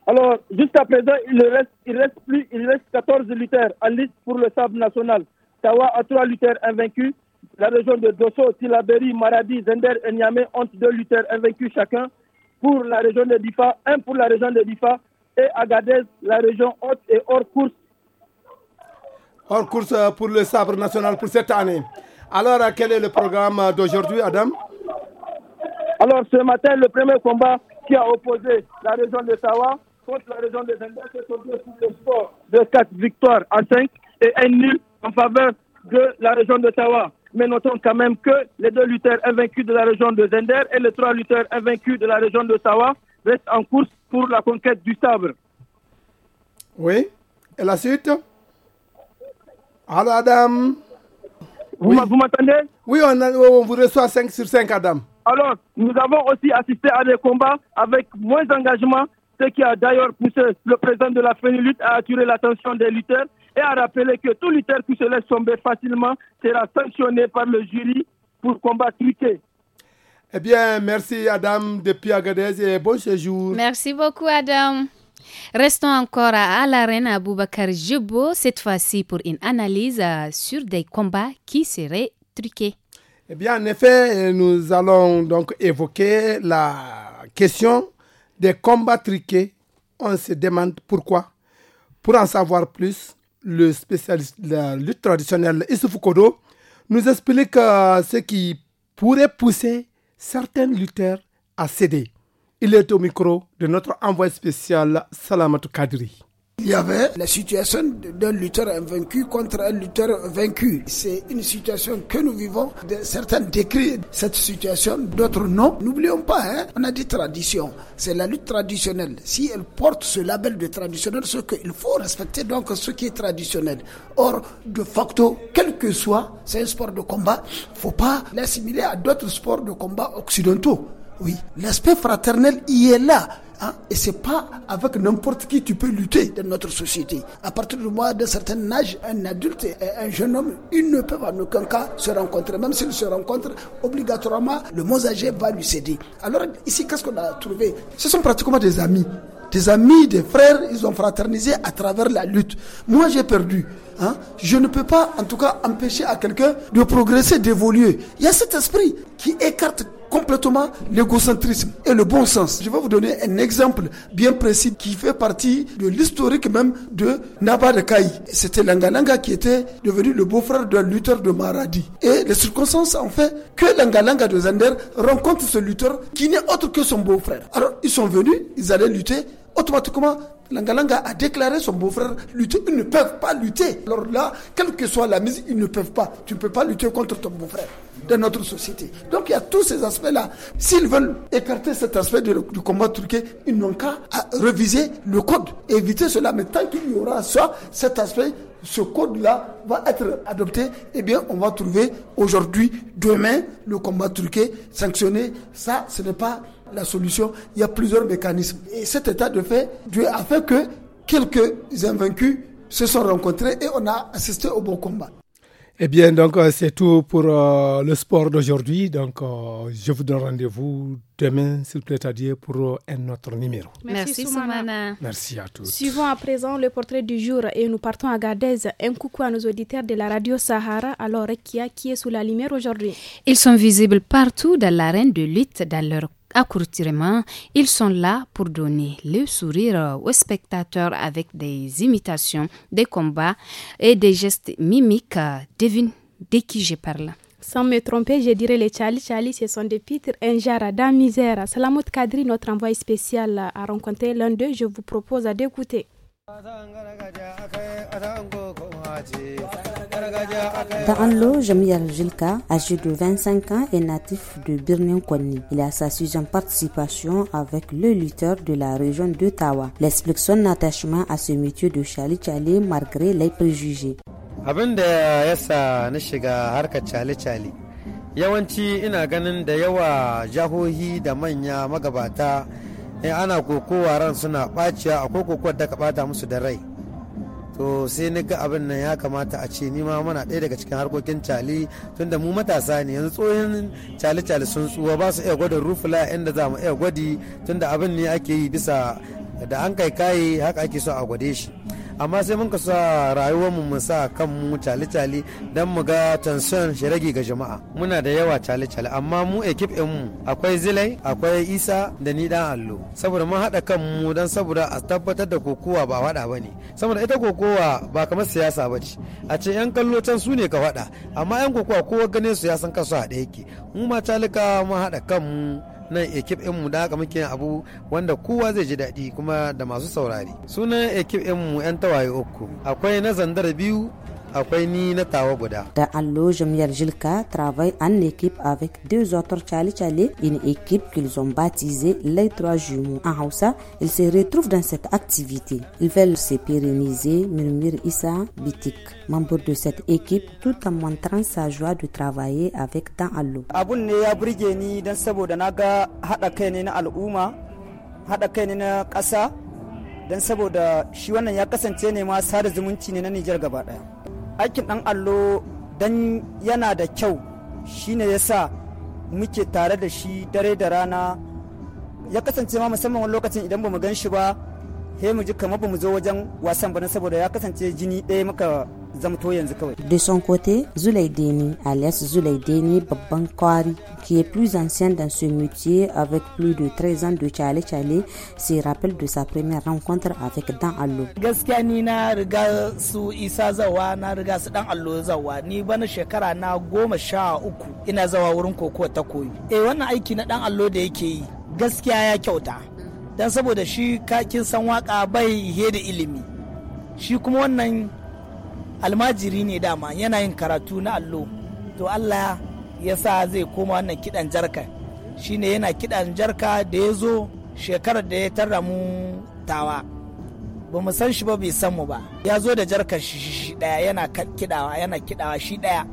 Alors, jusqu'à présent, il reste, il, reste plus, il reste 14 lutteurs en liste pour le sable national. Tawa a trois lutteurs invaincus, la région de Dosso, Tilaberi, Maradi, Zender et Niamey ont deux lutteurs invaincus chacun. Pour la région de Difa, un pour la région de Difa et Agadez, la région haute et hors course. Hors course euh, pour le sabre national pour cette année. Alors, euh, quel est le programme euh, d'aujourd'hui, Adam Alors, ce matin, le premier combat qui a opposé la région de Sawa contre la région de Zender c'est le sport de 4 victoires en 5 et un nul en faveur de la région de Sawa mais notons quand même que les deux lutteurs invaincus de la région de Zender et les trois lutteurs invaincus de la région de Sawa restent en course pour la conquête du sabre. Oui, et la suite Allô Adam Vous, m'entendez Oui, on, vous reçoit 5 sur 5 Adam. Alors, nous avons aussi assisté à des combats avec moins d'engagement, ce qui a d'ailleurs poussé le président de la lutte à attirer l'attention des lutteurs et à rappeler que tout lutteur qui se laisse tomber facilement sera sanctionné par le jury pour combat truqué. Eh bien, merci Adam depuis Agadez et bon séjour. Merci beaucoup Adam. Restons encore à la reine Aboubakar Jebo, cette fois-ci pour une analyse euh, sur des combats qui seraient truqués. Eh bien, en effet, nous allons donc évoquer la question des combats truqués. On se demande pourquoi. Pour en savoir plus, le spécialiste de la lutte traditionnelle Issoufou Kodo, nous explique euh, ce qui pourrait pousser certains lutteurs à céder. Il est au micro de notre envoyé spécial Salamatou Kadri. Il y avait la situation d'un lutteur invaincu contre un lutteur vaincu. C'est une situation que nous vivons. Certains décrivent cette situation, d'autres non. N'oublions pas, hein, on a dit tradition. C'est la lutte traditionnelle. Si elle porte ce label de traditionnel, ce qu'il faut respecter, donc ce qui est traditionnel. Or, de facto, quel que soit, c'est un sport de combat. Faut pas l'assimiler à d'autres sports de combat occidentaux. Oui, l'aspect fraternel y est là. Hein? Et c'est pas avec n'importe qui tu peux lutter dans notre société. À partir du mois d'un certain âge, un adulte et un jeune homme, ils ne peuvent en aucun cas se rencontrer. Même s'ils se rencontrent, obligatoirement, le moins âgé va lui céder. Alors ici, qu'est-ce qu'on a trouvé Ce sont pratiquement des amis des amis, des frères, ils ont fraternisé à travers la lutte. Moi, j'ai perdu. Hein. Je ne peux pas, en tout cas, empêcher à quelqu'un de progresser, d'évoluer. Il y a cet esprit qui écarte complètement l'égocentrisme et le bon sens. Je vais vous donner un exemple bien précis qui fait partie de l'historique même de Naba de Kaï. C'était Langalanga qui était devenu le beau-frère d'un lutteur de Maradi. Et les circonstances ont fait que Langalanga de Zander rencontre ce lutteur qui n'est autre que son beau-frère. Alors ils sont venus, ils allaient lutter. Automatiquement, Langalanga a déclaré son beau-frère lutter. Ils ne peuvent pas lutter. Alors là, quelle que soit la mise, ils ne peuvent pas. Tu ne peux pas lutter contre ton beau-frère notre société. Donc il y a tous ces aspects-là. S'ils veulent écarter cet aspect du, combat truqué, ils n'ont qu'à reviser le code, éviter cela. Mais tant qu'il y aura ça, cet aspect, ce code-là va être adopté, eh bien, on va trouver aujourd'hui, demain, le combat truqué, sanctionné. Ça, ce n'est pas la solution. Il y a plusieurs mécanismes. Et cet état de fait, a fait que quelques invaincus se sont rencontrés et on a assisté au bon combat. Eh bien, donc, euh, c'est tout pour euh, le sport d'aujourd'hui. Donc, euh, je vous donne rendez-vous demain, s'il plaît à dire, pour un autre numéro. Merci, Merci Soumana. Merci à tous. Suivons à présent le portrait du jour et nous partons à Gadez. Un coucou à nos auditeurs de la radio Sahara, alors a qui est sous la lumière aujourd'hui. Ils sont visibles partout dans l'arène de lutte, dans leur accourtirement, ils sont là pour donner le sourire aux spectateurs avec des imitations, des combats et des gestes mimiques. Devine de qui je parle. Sans me tromper, je dirais les Charlie Charlie, ce sont des pitres, un jara dans misère. Salamout Kadri, notre envoyé spécial, a rencontré l'un d'eux. Je vous propose d'écouter. Taranlo Jamil Jilka, âgé de 25 ans, et natif de birnin Il a sa en participation avec le lutteur de la région de Tawa. L'explication son attachement à ce métier de chali-chali malgré les préjugés. abin da ya sa na shiga harkar cale-cale yawanci ina ganin da yawa jahohi da manya magabata in ana kokowa ran suna ɓaciya a kokowar da ka ɓata musu da rai to sai na ga abin nan ya kamata a ce nima muna ɗaya daga cikin harkokin cali tunda mu matasa ne yanzu tsohon cali cali sun tsuwa ba su iya gwadon rufula inda za mu iya gwadi tunda abin ne ake yi bisa da an kai kayi haka ake so a gwade shi amma sai mun ka sa rayuwar mu sa kan mu cali-cali don mu ga tansan shi rage ga jama'a muna da yawa cali-cali amma mu ekip mu akwai zilai akwai isa da ni dan allo saboda mun haɗa kan mu don saboda a tabbatar da kokowa ba wada ba ne saboda ita kokowa ba kamar siyasa ba ce a ce yan kallo can su ne ka waɗa amma yan kokowa kowa gane su ya san kasu haɗe yake mu ma calika mun haɗa kan mu nan ekip mu da haka muke abu wanda kowa zai ji daɗi kuma da masu saurari sunan ekip mu 'yan tawaye uku akwai na zandar biyu akwai ni na tawa guda. Da allo Jamiyar Jilka travaille en équipe avec deux autres Chali Chali, une équipe qu'ils ont baptisée les trois jumeaux. En Hausa, ils se retrouvent dans cette activité. Ils veulent se pérenniser, murmure Issa Bitik, membre de cette équipe, tout en montrant sa joie de travailler avec Dan Allo. Abun ne ya burge ni dan saboda naga hada kai ne na al'umma, hada kai ne na kasa, dan saboda shi wannan ya kasance ne ma sada zumunci ne na Nijar gaba daya. aikin ɗan allo dan yana da kyau shi ne ya sa muke tare da shi dare da rana ya kasance ma musamman wani lokacin idan ba mu gan shi ba he mu ji kamar ba mu zo wajen wasan ba saboda ya kasance jini ɗaya muka zamto yanzu kawai de son côté Zulai Deni alias Zulai Deni babban kwari qui est plus ancien dans ce métier avec plus de 13 ans de chale chale se rappelle de sa première rencontre avec Dan Allo gaskiya ni na riga su Isa Zawa na riga su Dan Allo Zawa ni bana shekara na goma sha uku ina zawa wurin kokowa ta koyi eh wannan aiki na Dan Allo da yake yi gaskiya ya kyauta dan saboda shi kakin san waka bai he da ilimi shi kuma wannan almajiri ne dama yana yin karatu na allo to allah ya sa zai koma wannan kidan jarka shine yana kidan jarka da ya zo shekarar da ya tara mu tawa ba mu san shi ba bai san mu ba ya zo da jarkar shi daya yana kidawa yana kidawa shi daya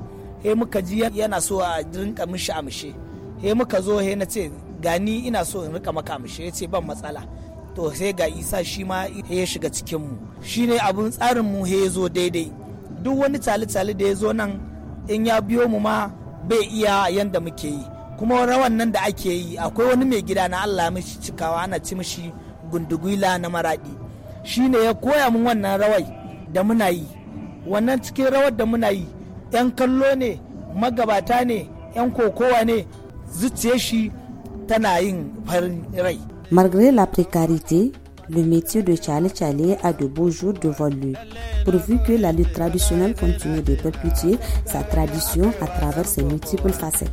he muka ji yana so a rinka mishi amshe he muka zo he na ce gani ina so in rika maka amshe ya ce ban matsala to sai ga isa shi ma ya shiga cikin mu shine abun tsarin mu he zo daidai duk wani tsali-tsali da ya zo nan in ya biyo mu ma bai iya yanda muke yi kuma rawan nan da ake yi akwai wani mai gida na allah mishi cikawa ana ci mishi gundugwila na maradi shi ne ya koya mun wannan rawai da muna yi wannan cikin rawar da muna yi 'yan kallo ne magabata ne 'yan kokowa ne zuciyar shi tana yin farin rai. Margaret La Precarité le métier de Charlie Charlie a de beaux jours devant lui. Pourvu que la lutte traditionnelle continue de perpétuer sa tradition à travers ses multiples facettes.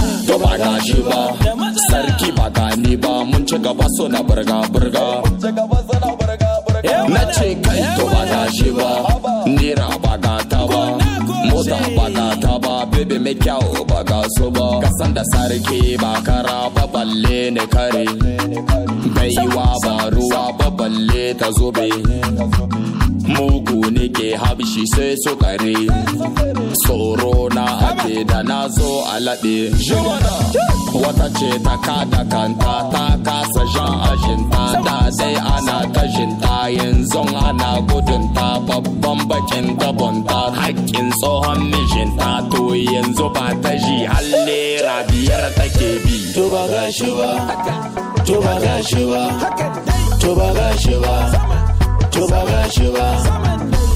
ba gashi ba sarki ba gani ba mun ci gaba na burga burga na ce kai to ba gashi ba nera ba gata ba mota ba gata ba bebe mai kyau ba gaso ba kasan da sarki ba kara ba balle ne kare baiwa ba ruwa ba balle ta zobe mugu nike habshi sai su kare tsoro na ake da na so a laɓe wata ce ta kada kanta ta kasa jan ajinta da dai ana tashinta yanzu ana gudunta babban bakin dabonta hakkin tsohon mijinta to yanzu ba ta ji hallera biyar take bi to ba gashi ba to ba gashi ba to ba gashi ba to ba gashi ba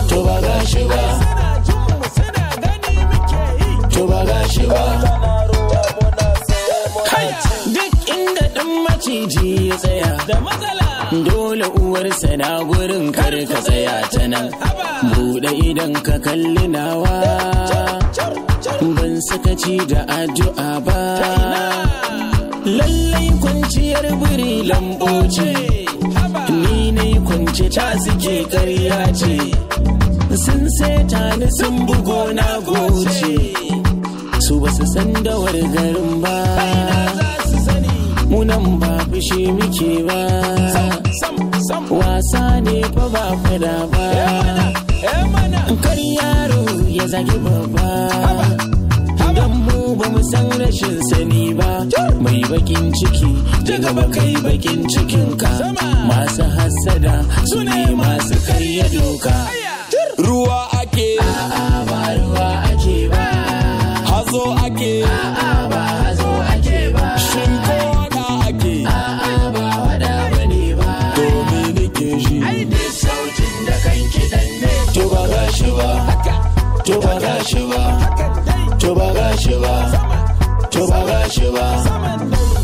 to ba gashi ba to ba gashi ba duk inda ɗan maciji ya tsaya da matsala dole uwarsa na gurin kar ka tsaya ta nan buɗe idan ka kalli nawa ban sakaci da addu'a ba lallai kwanciyar biri lambo ce kwance ta suke karya ce sun seta ni sun bugo na goce su ba su san da garin ba munan ba fushi muke ba wasa ne fa ba fada ba eh eh kar yaro ya zagi babba mu san rashin sani ba mai bakin ciki daga gaba kai bakin cikin masu hasada. su ne masu karya doka ruwa ake a'a ba ruwa ake ba hazo ake a'a ba hazo ake ba shinko wada ake a'a ba wada bane ba domin nake ji ai sautin da kan kidan ne to ba gashi ba to ba ba to ba gashi ba to ba gashi ba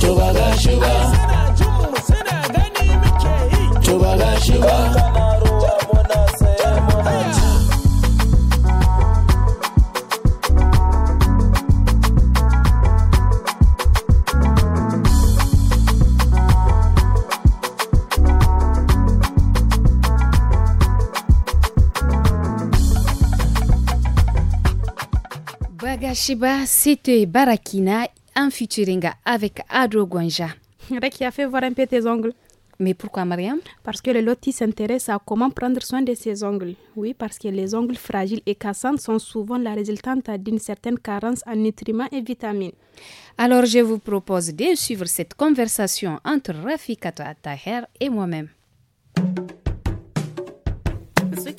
to ba gashi ba to ba gashi ba Kashiba, c'était Barakina en futuringa avec Adro Gwanja. qui a fait voir un peu tes ongles. Mais pourquoi, Mariam Parce que le loti s'intéresse à comment prendre soin de ses ongles. Oui, parce que les ongles fragiles et cassants sont souvent la résultante d'une certaine carence en nutriments et vitamines. Alors, je vous propose de suivre cette conversation entre Rafika Taher et moi-même.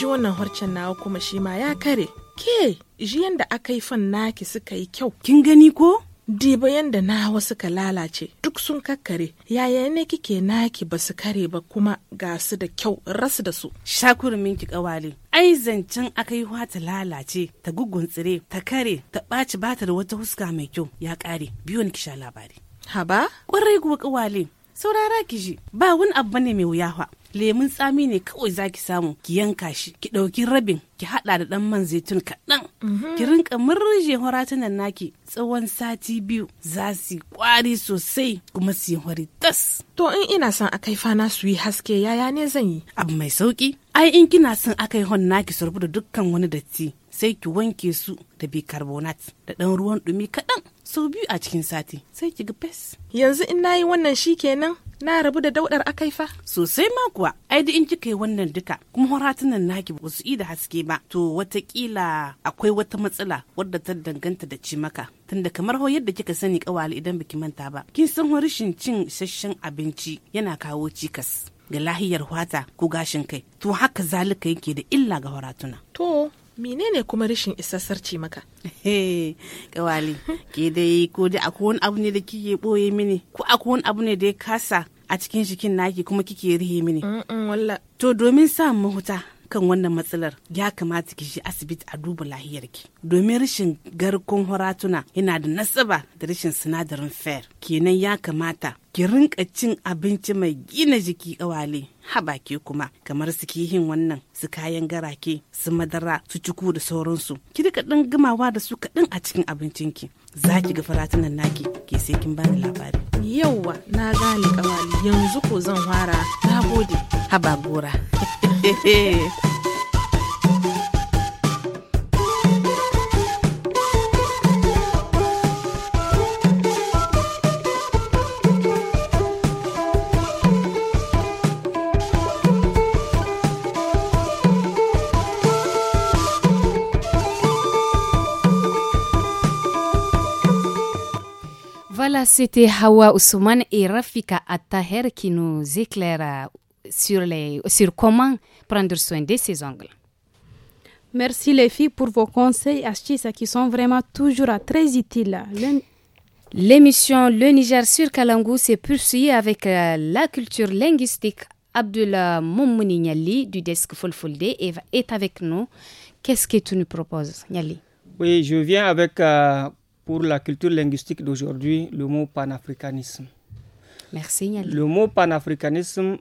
ji wannan harcen nawa kuma shi ma ya kare ke ji yanda aka yi fan naki suka yi kyau kin gani ko diba yanda nawa suka lalace duk sun kakkare yaya ne kike naki ba su kare ba kuma ga su da kyau rasu da su shakurumin ki kawale ai zancen aka yi ta lalace ta tsire ta kare ta ɓaci bata da wata huska mai kyau ya ƙare biyo ni ki sha labari haba ƙwarai guwa kawale saurara ki ji ba wani abu ne mai wuya fa lemun tsami ne kawai zaki samu ki yanka shi ki ɗauki rabin ki haɗa da ɗan man zaitun kaɗan mhm. ki rinka murje horatunan naki tsawon sati biyu za su kwari sosai kuma su yi hori tas to in ina son akai fana su yi haske yaya ne zan yi abu mai sauki ai in kina son akai hon naki sorbu da dukkan wani datti sai ki wanke su da bicarbonate da ɗan ruwan ɗumi kaɗan sau biyu a cikin sati sai ki ga fes. Yanzu in nayi wannan shi kenan na rabu da daudar akai fa. Sosai ma kuwa, ai da in kika yi wannan duka kuma horatunan naki ba su da haske ba. To watakila akwai wata matsala wadda ta danganta da ci maka. Tunda kamar ho yadda kika sani kawali idan baki manta ba. Kin san rashin cin isasshen abinci yana kawo cikas. ga lahiyar hwata ko gashin kai to haka zalika yake da illa ga horatuna. To menene kuma rashin isassar ce maka kawali ke dai ko da akwai wani abu ne da kike boye mini ko akwai wani abu ne da ya kasa a cikin jikin naki kuma kike rihe mini to domin sa mahuta kan wannan matsalar ya kamata ki shi asibiti a duba lahiyarki domin rashin garkon horatuna yana da nasaba da rashin sinadarin fer kenan ya kamata ki rinka cin abinci mai gina jiki kawale habake kuma kamar su yin wannan su kayan garake su madara su ciku da sauransu ki rika dan gamawa da su kaɗan a cikin abincinki za ki ga faratunan naki ke sai kin bani labari yauwa na gane kawali yanzu ko zan fara na gode haba gora Voilà, c'était Hawa Ousmane et Rafika Attaher qui nous éclairent sur, les, sur comment prendre soin de ses ongles. Merci les filles pour vos conseils, astuces qui sont vraiment toujours très utiles. L'émission Le... Niger sur Kalangou s'est poursuivie avec euh, la culture linguistique. Abdullah Moumouni Niali du desk Folfolde est avec nous. Qu'est-ce que tu nous proposes, Niali Oui, je viens avec euh, pour la culture linguistique d'aujourd'hui le mot panafricanisme. Merci Yannick. Le mot panafricanisme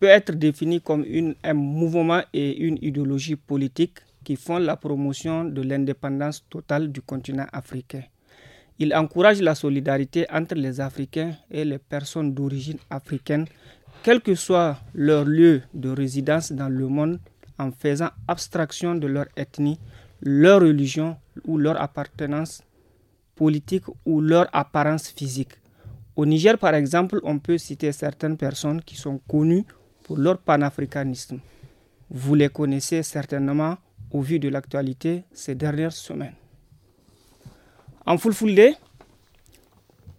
peut être défini comme un mouvement et une idéologie politique qui font la promotion de l'indépendance totale du continent africain. Il encourage la solidarité entre les Africains et les personnes d'origine africaine, quel que soit leur lieu de résidence dans le monde, en faisant abstraction de leur ethnie, leur religion ou leur appartenance politique ou leur apparence physique. Au Niger, par exemple, on peut citer certaines personnes qui sont connues pour leur panafricanisme. Vous les connaissez certainement au vu de l'actualité ces dernières semaines. En Fulfulde,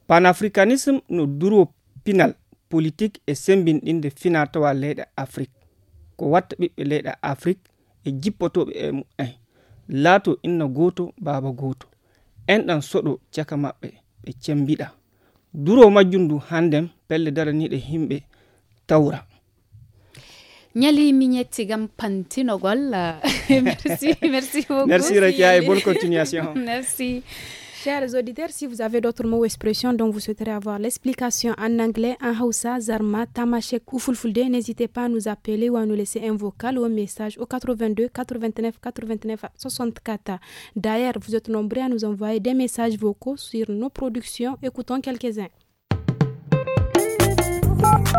panafricanisme no duro pinal politique et sembinɗinde finatawa leyɗe afrique ko wat l'aide afrique e jippotoɓe e mumen laato inna gooto baaba enɗam soɗo caka maɓɓe ɓe cembiɗa duro majjum ndu hannden pelle de himɓe tawra Nyali Mignetti pantino Gol. merci, merci beaucoup. Merci Rekia et bonne continuation. merci. Chers auditeurs, si vous avez d'autres mots ou expressions dont vous souhaiterez avoir l'explication en anglais, en Hausa, Zarma, Tamashek ou Fulfulde, n'hésitez pas à nous appeler ou à nous laisser un vocal ou un message au 82 89 89 64. D'ailleurs, vous êtes nombreux à nous envoyer des messages vocaux sur nos productions. Écoutons quelques-uns.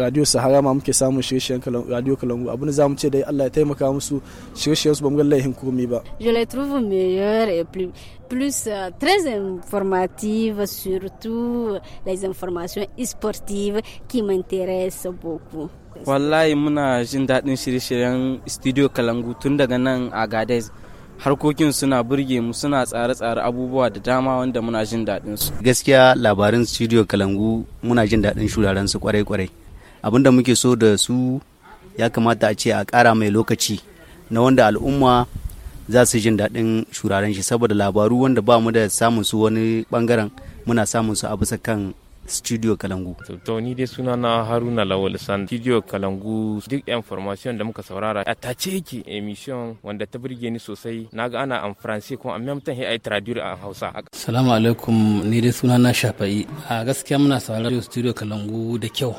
radio sahara ma muke samun shirye-shiryen radio kalangu abin za mu ce dai Allah ya taimaka musu shirye-shiryen su ba mu ga laihin komai ba je les trouve meilleur et plus plus euh, très informative surtout les informations sportives qui m'intéressent beaucoup wallahi muna jin daɗin shirye-shiryen studio kalangu tun daga nan a gades harkokin suna burge mu suna tsare-tsare abubuwa da dama wanda muna jin daɗin su gaskiya labarin studio kalangu muna jin daɗin shuraren su kwarai-kwarai abin da muke so da su ya kamata a ce a ƙara mai lokaci na wanda al'umma za su jin daɗin shuraren shi saboda labaru wanda ba mu da samun su wani bangaren muna samun su a bisa kan studio kalangu to ni dai suna na haruna lawal san studio kalangu duk information da muka saurara a tace yake emission wanda ta burge ni sosai naga ana an france ko amma mutan ai traduire a hausa assalamu alaikum ni dai suna na shafa'i a gaskiya muna saurara studio kalangu da kyau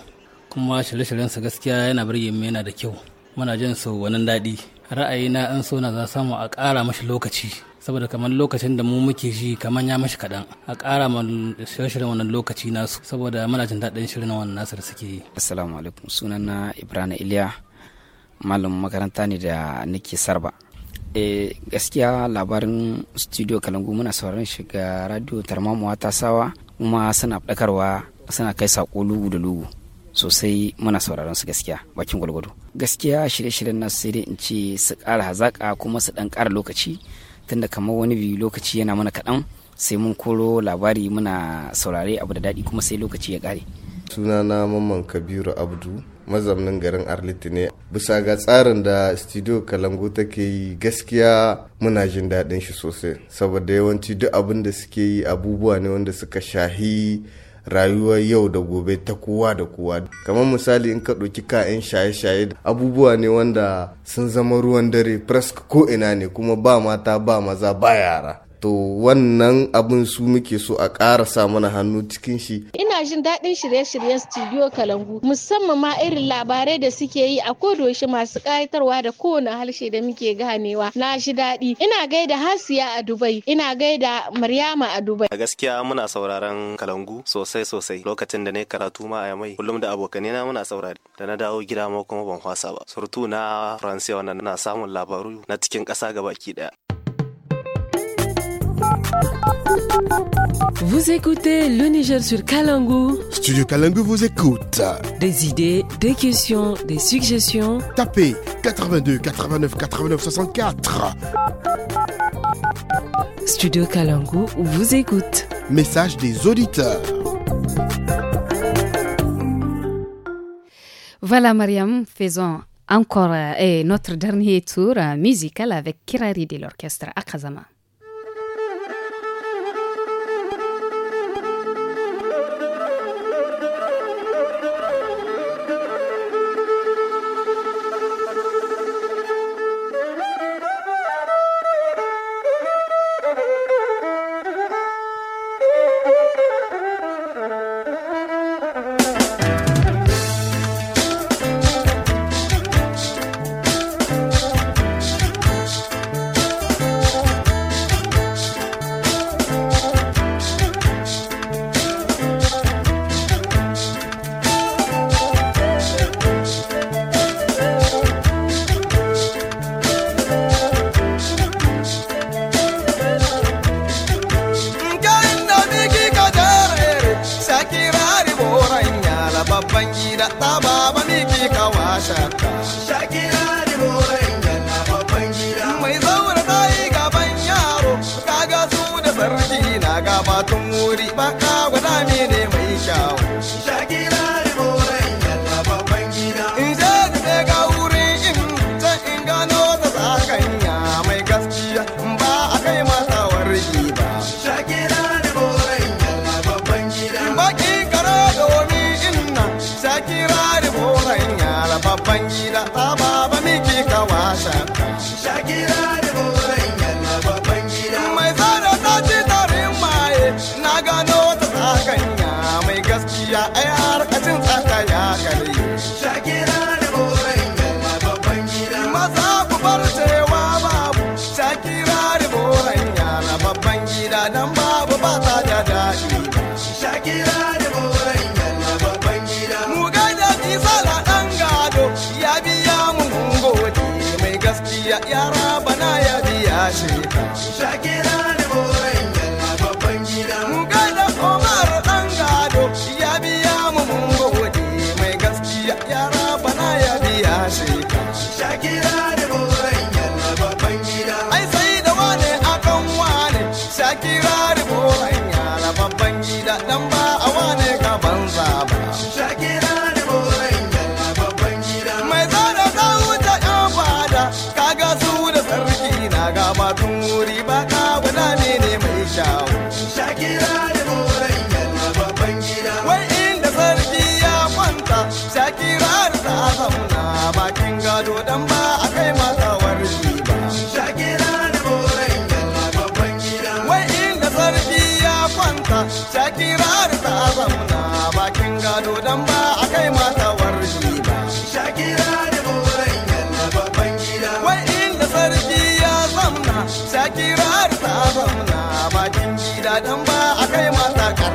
kuma shirye-shiryen sa gaskiya yana birge mu yana da kyau muna jin su wannan daɗi ra'ayina an so na za samu a ƙara mashi lokaci saboda kamar lokacin da mu muke ji kamar ya mashi kaɗan a ƙara ma shirye-shiryen wannan lokaci nasu saboda muna jin daɗin shirin wannan nasu da suke yi assalamu alaikum sunana ibrahim iliya malam makaranta ne da nake sarba e gaskiya labarin studio kalangu muna sauraron shiga radio tarmamuwa ta sawa kuma suna ɗakarwa suna kai saƙo lugu da lugu sosai muna sauraron su gaskiya bakin gwalgwado gaskiya shirye-shiryen nasu sai dai in ce su kara hazaƙa kuma su ɗan kara lokaci tunda kamar wani biyu lokaci yana mana kaɗan sai mun koro labari muna saurare abu da daɗi kuma sai lokaci ya ƙare. sunana mamman kabiru abdu mazaunin garin arliti ne bisa ga tsarin da studio kalangu take yi gaskiya muna jin daɗin shi sosai saboda yawanci duk abin da suke yi abubuwa ne wanda suka shahi rayuwar yau da gobe ta kowa da kowa kamar misali in ka ɗauki kayan shaye-shaye abubuwa ne wanda sun zama ruwan dare presque ko ina ne kuma ba mata ba maza ba yara to wannan abin su muke so a ƙarasa mana hannu cikin shi. Ina jin daɗin shirye-shiryen studio Kalangu musamman ma irin labarai da suke yi a kodoshi masu ƙayatarwa da kowane harshe da muke ganewa na shi daɗi. Ina gaida Hasiya a Dubai, ina gaida Maryama a Dubai. A gaskiya muna sauraron Kalangu sosai sosai lokacin da na karatu ma a mai kullum da abokanai na muna saurari da na dawo gida ma kuma ban kwasa ba. Surtu na Faransiya wannan na samun labaru na cikin ƙasa gabaki ɗaya. Vous écoutez le Niger sur Kalangou. Studio Kalangou vous écoute. Des idées, des questions, des suggestions. Tapez 82 89 89 64. Studio Kalangou vous écoute. Message des auditeurs. Voilà Mariam, faisons encore euh, notre dernier tour euh, musical avec Kirari de l'orchestre Akazama.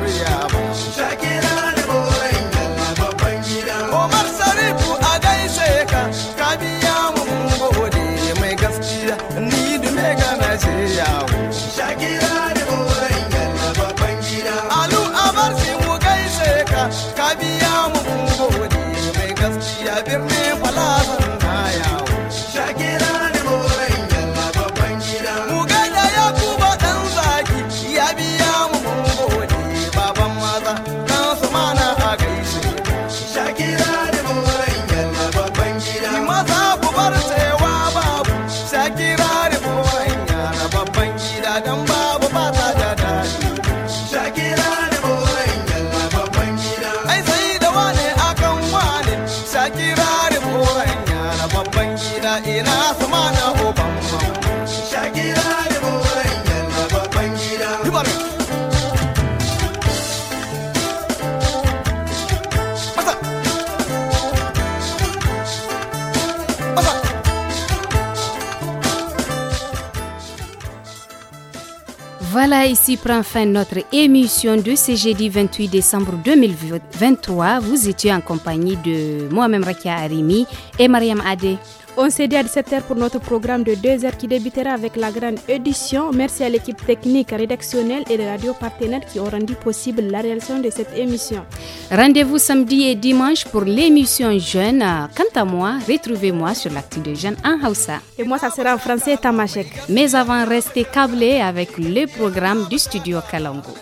Maria. bari koren yara babban gida ina sama na oban mamu. Shakira da koren yara babban gida. Voilà, ici prend fin notre émission de ce jeudi 28 décembre 2023. Vous étiez en compagnie de moi-même Rakia Arimi et Mariam Adé. On s'est dit à 17h pour notre programme de 2h qui débutera avec la grande édition. Merci à l'équipe technique, rédactionnelle et de radio partenaires qui ont rendu possible la réalisation de cette émission. Rendez-vous samedi et dimanche pour l'émission Jeune. Quant à moi, retrouvez-moi sur l'actu de Jeunes en Hausa. Et moi, ça sera en français Tamachek. Mais avant, restez câblés avec le programme du studio Kalango.